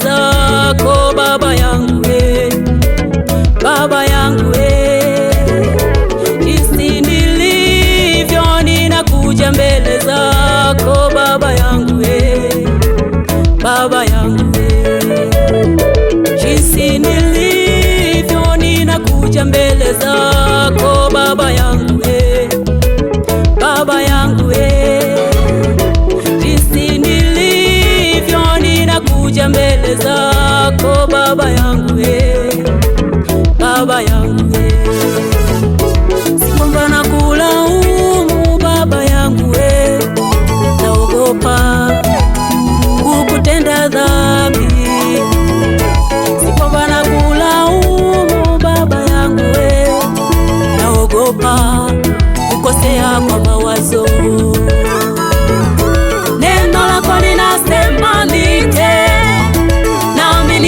zako mbele zako Baba ya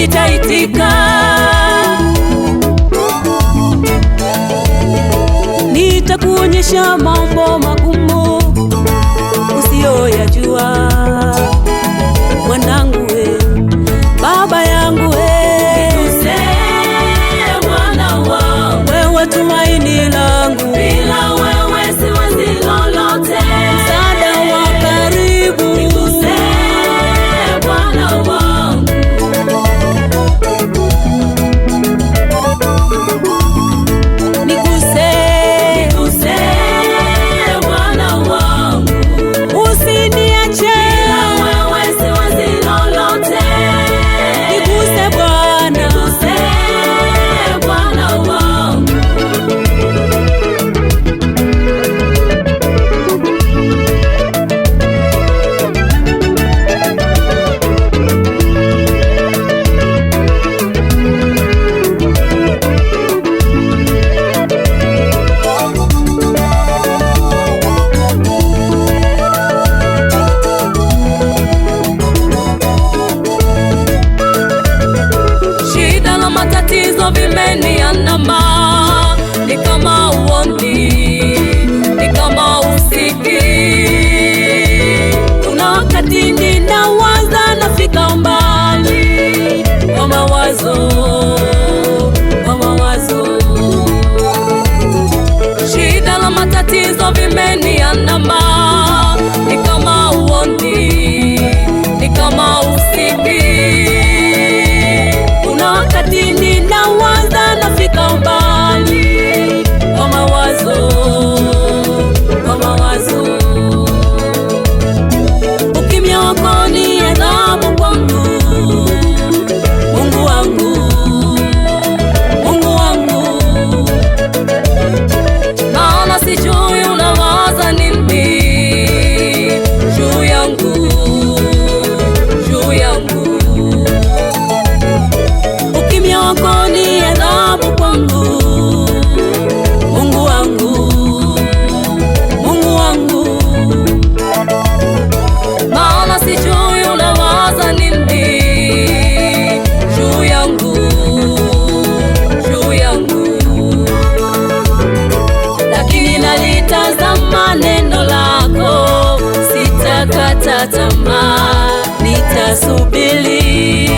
nitaitika, nitakuonyesha mambo magumu tatizo vimeni kukata tamaa, nitasubiri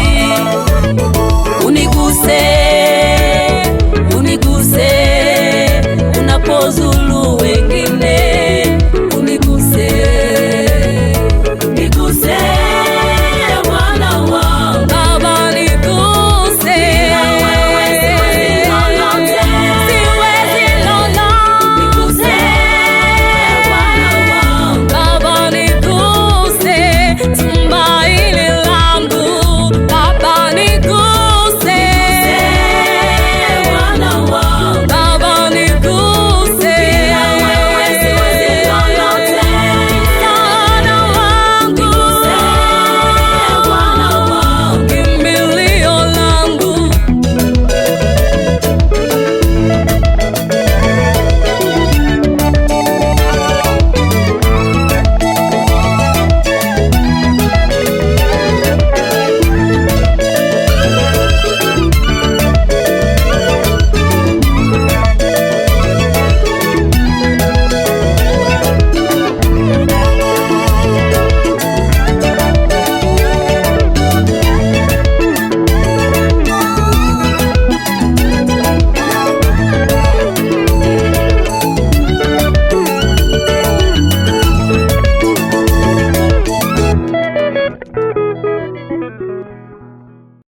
uniguse